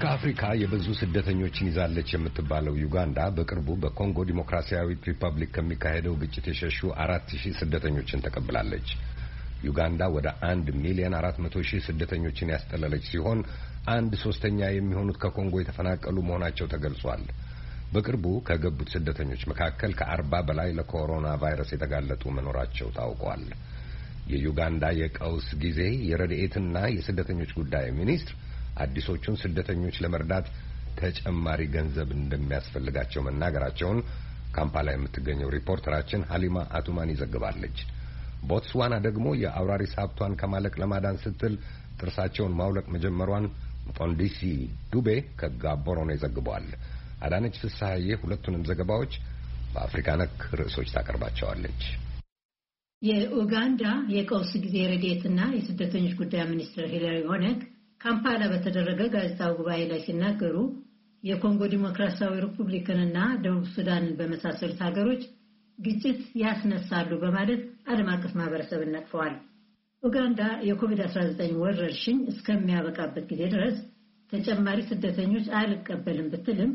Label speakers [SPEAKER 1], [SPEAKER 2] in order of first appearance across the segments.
[SPEAKER 1] ከአፍሪካ የብዙ ስደተኞችን ይዛለች የምትባለው ዩጋንዳ በቅርቡ በኮንጎ ዲሞክራሲያዊት ሪፐብሊክ ከሚካሄደው ግጭት የሸሹ አራት ሺህ ስደተኞችን ተቀብላለች። ዩጋንዳ ወደ አንድ ሚሊዮን አራት መቶ ሺህ ስደተኞችን ያስጠለለች ሲሆን አንድ ሶስተኛ የሚሆኑት ከኮንጎ የተፈናቀሉ መሆናቸው ተገልጿል። በቅርቡ ከገቡት ስደተኞች መካከል ከአርባ በላይ ለኮሮና ቫይረስ የተጋለጡ መኖራቸው ታውቋል። የዩጋንዳ የቀውስ ጊዜ የረድኤትና የስደተኞች ጉዳይ ሚኒስትር አዲሶቹን ስደተኞች ለመርዳት ተጨማሪ ገንዘብ እንደሚያስፈልጋቸው መናገራቸውን ካምፓላ የምትገኘው ሪፖርተራችን ሀሊማ አቱማን ይዘግባለች። ቦትስዋና ደግሞ የአውራሪስ ሀብቷን ከማለቅ ለማዳን ስትል ጥርሳቸውን ማውለቅ መጀመሯን ጦንዲሲ ዱቤ ከጋቦሮ ይዘግበዋል። አዳነች ፍስሐዬ ሁለቱንም ዘገባዎች በአፍሪካ ነክ ርዕሶች ታቀርባቸዋለች።
[SPEAKER 2] የኡጋንዳ የቀውስ ጊዜ ረድኤትና የስደተኞች ጉዳይ ሚኒስትር ሂላሪ ሆነግ ካምፓላ በተደረገ ጋዜጣዊ ጉባኤ ላይ ሲናገሩ የኮንጎ ዲሞክራሲያዊ ሪፑብሊክንና ደቡብ ሱዳንን በመሳሰሉት ሀገሮች ግጭት ያስነሳሉ በማለት ዓለም አቀፍ ማህበረሰብን ነቅፈዋል። ኡጋንዳ የኮቪድ-19 ወረርሽኝ እስከሚያበቃበት ጊዜ ድረስ ተጨማሪ ስደተኞች አልቀበልም ብትልም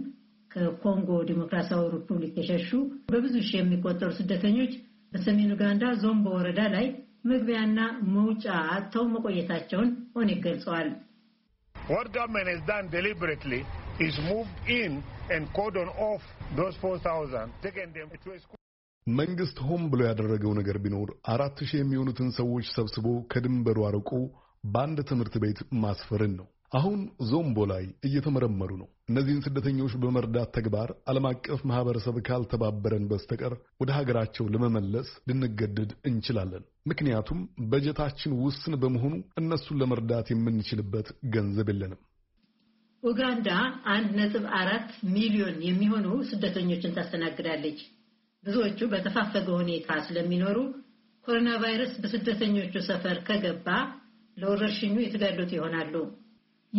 [SPEAKER 2] ከኮንጎ ዲሞክራሲያዊ ሪፑብሊክ የሸሹ በብዙ ሺህ የሚቆጠሩ ስደተኞች በሰሜን ኡጋንዳ ዞምቦ ወረዳ ላይ መግቢያና መውጫ አጥተው መቆየታቸውን
[SPEAKER 3] ኦኔግ ገልጸዋል። What government has done deliberately is moved in and cordon off those 4,000, taken them to a school. መንግስት ሆን ብሎ ያደረገው ነገር ቢኖር አራት ሺህ የሚሆኑትን ሰዎች ሰብስቦ ከድንበሩ አርቆ በአንድ ትምህርት ቤት ማስፈርን ነው። አሁን ዞምቦ ላይ እየተመረመሩ ነው። እነዚህን ስደተኞች በመርዳት ተግባር ዓለም አቀፍ ማህበረሰብ ካልተባበረን በስተቀር ወደ ሀገራቸው ለመመለስ ልንገደድ እንችላለን። ምክንያቱም በጀታችን ውስን በመሆኑ እነሱን ለመርዳት የምንችልበት ገንዘብ የለንም።
[SPEAKER 2] ኡጋንዳ አንድ ነጥብ አራት ሚሊዮን የሚሆኑ ስደተኞችን ታስተናግዳለች። ብዙዎቹ በተፋፈገ ሁኔታ ስለሚኖሩ ኮሮና ቫይረስ በስደተኞቹ ሰፈር ከገባ ለወረርሽኙ የተጋለጡ ይሆናሉ።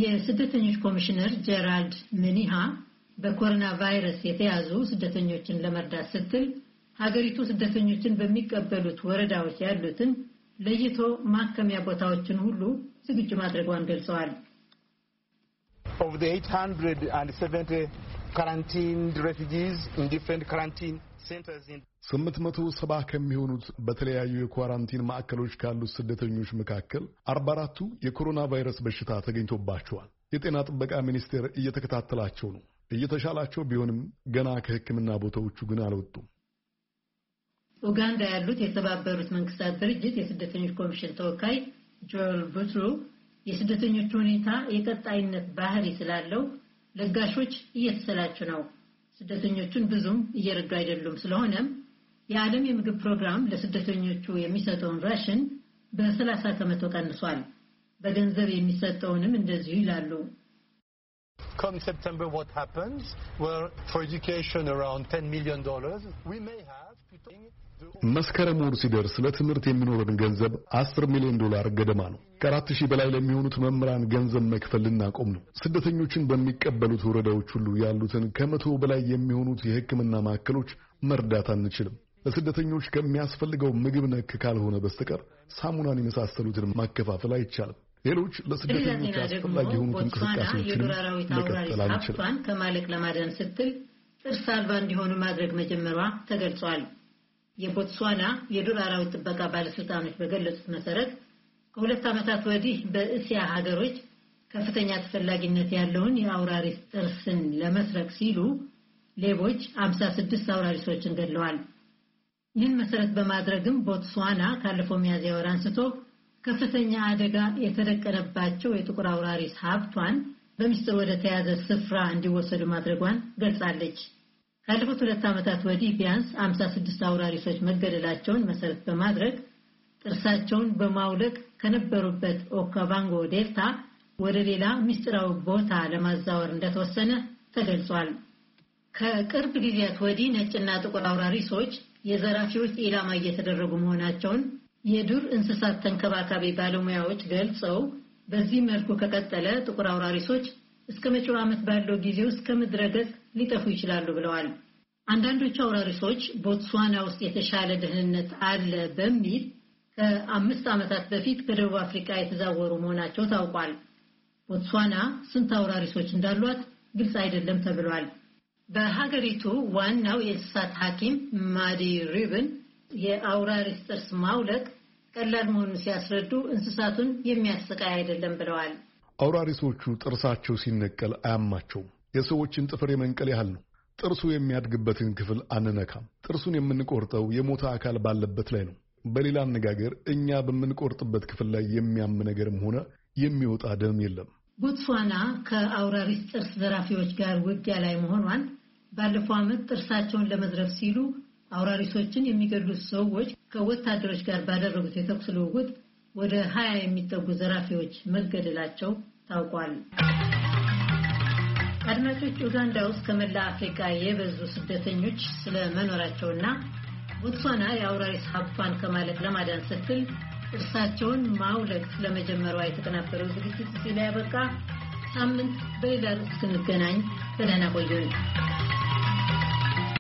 [SPEAKER 2] የስደተኞች ኮሚሽነር ጀራልድ ምኒሃ በኮሮና ቫይረስ የተያዙ ስደተኞችን ለመርዳት ስትል ሀገሪቱ ስደተኞችን በሚቀበሉት ወረዳዎች ያሉትን ለይቶ ማከሚያ ቦታዎችን ሁሉ
[SPEAKER 3] ዝግጁ ማድረጓን ገልጸዋል። of the 870 quarantined refugees in different quarantine ስምንት መቶ ሰባ ከሚሆኑት በተለያዩ የኳራንቲን ማዕከሎች ካሉት ስደተኞች መካከል አርባ አራቱ የኮሮና ቫይረስ በሽታ ተገኝቶባቸዋል። የጤና ጥበቃ ሚኒስቴር እየተከታተላቸው ነው። እየተሻላቸው ቢሆንም ገና ከሕክምና ቦታዎቹ ግን አልወጡም።
[SPEAKER 2] ኡጋንዳ ያሉት የተባበሩት መንግስታት ድርጅት የስደተኞች ኮሚሽን ተወካይ ጆል ቡትሩ የስደተኞቹ ሁኔታ የቀጣይነት ባህሪ ስላለው ለጋሾች እየተሰላቸው ነው ስደተኞቹን ብዙም እየረዱ አይደሉም። ስለሆነም የዓለም የምግብ ፕሮግራም ለስደተኞቹ የሚሰጠውን ራሽን በ30 ከመቶ ቀንሷል። በገንዘብ የሚሰጠውንም እንደዚሁ ይላሉ።
[SPEAKER 3] መስከረም ወር ሲደርስ ለትምህርት የሚኖረን ገንዘብ 10 ሚሊዮን ዶላር ገደማ ነው። ከአራት ሺህ በላይ ለሚሆኑት መምህራን ገንዘብ መክፈል ልናቆም ነው። ስደተኞችን በሚቀበሉት ወረዳዎች ሁሉ ያሉትን ከመቶ በላይ የሚሆኑት የሕክምና ማዕከሎች መርዳት አንችልም። ለስደተኞች ከሚያስፈልገው ምግብ ነክ ካልሆነ በስተቀር ሳሙናን የመሳሰሉትን ማከፋፈል አይቻልም። ሌሎች ለስደተኞች አስፈላጊ የሆኑት እንቅስቃሴዎችንም መቀጠል አንችልም።
[SPEAKER 2] ከማለቅ ለማዳን ስትል ጥርስ አልባ እንዲሆኑ ማድረግ መጀመሯ ተገልጿል። የቦትስዋና የዱር አራዊት ጥበቃ ባለስልጣኖች በገለጹት መሰረት ከሁለት ዓመታት ወዲህ በእስያ ሀገሮች ከፍተኛ ተፈላጊነት ያለውን የአውራሪስ ጥርስን ለመስረቅ ሲሉ ሌቦች 56 አውራሪሶችን ገድለዋል። ይህን መሰረት በማድረግም ቦትስዋና ካለፈው ሚያዝያ ወር አንስቶ ከፍተኛ አደጋ የተደቀነባቸው የጥቁር አውራሪስ ሀብቷን በምስጢር ወደ ተያዘ ስፍራ እንዲወሰዱ ማድረጓን ገልጻለች። ካለፉት ሁለት ዓመታት ወዲህ ቢያንስ 56 አውራሪሶች መገደላቸውን መሰረት በማድረግ ጥርሳቸውን በማውለቅ ከነበሩበት ኦካባንጎ ዴልታ ወደ ሌላ ሚስጢራዊ ቦታ ለማዛወር እንደተወሰነ ተገልጿል። ከቅርብ ጊዜያት ወዲህ ነጭና ጥቁር አውራሪሶች የዘራፊዎች ኢላማ እየተደረጉ መሆናቸውን የዱር እንስሳት ተንከባካቢ ባለሙያዎች ገልጸው በዚህ መልኩ ከቀጠለ ጥቁር አውራሪሶች እስከ መጪው ዓመት ባለው ጊዜ ውስጥ ከምድረ ገጽ ሊጠፉ ይችላሉ ብለዋል። አንዳንዶቹ አውራሪሶች ቦትስዋና ውስጥ የተሻለ ደህንነት አለ በሚል ከአምስት ዓመታት በፊት ከደቡብ አፍሪካ የተዛወሩ መሆናቸው ታውቋል። ቦትስዋና ስንት አውራሪሶች እንዳሏት ግልጽ አይደለም ተብሏል። በሀገሪቱ ዋናው የእንስሳት ሐኪም ማዲ ሪብን የአውራሪስ ጥርስ ማውለቅ ቀላል መሆኑን ሲያስረዱ እንስሳቱን የሚያሰቃይ አይደለም ብለዋል።
[SPEAKER 3] አውራሪሶቹ ጥርሳቸው ሲነቀል አያማቸውም። የሰዎችን ጥፍር የመንቀል ያህል ነው። ጥርሱ የሚያድግበትን ክፍል አንነካም። ጥርሱን የምንቆርጠው የሞተ አካል ባለበት ላይ ነው። በሌላ አነጋገር እኛ በምንቆርጥበት ክፍል ላይ የሚያም ነገርም ሆነ የሚወጣ ደም የለም።
[SPEAKER 2] ቦትስዋና ከአውራሪስ ጥርስ ዘራፊዎች ጋር ውጊያ ላይ መሆኗን ባለፈው ዓመት ጥርሳቸውን ለመዝረፍ ሲሉ አውራሪሶችን የሚገድሉት ሰዎች ከወታደሮች ጋር ባደረጉት የተኩስ ልውውጥ ወደ 20 የሚጠጉ ዘራፊዎች መገደላቸው ታውቋል። አድማጮች፣ ኡጋንዳ ውስጥ ከመላ አፍሪካ የበዙ ስደተኞች ስለመኖራቸውና ቦትሷና የአውራሪስ ሀብቷን ከማለቅ ለማዳን ስትል እርሳቸውን ማውለቅ ስለመጀመሯ የተቀናበረው ዝግጅት እዚህ ላይ ያበቃ። ሳምንት በሌላ ርዕስ ስንገናኝ በደህና ቆዩን።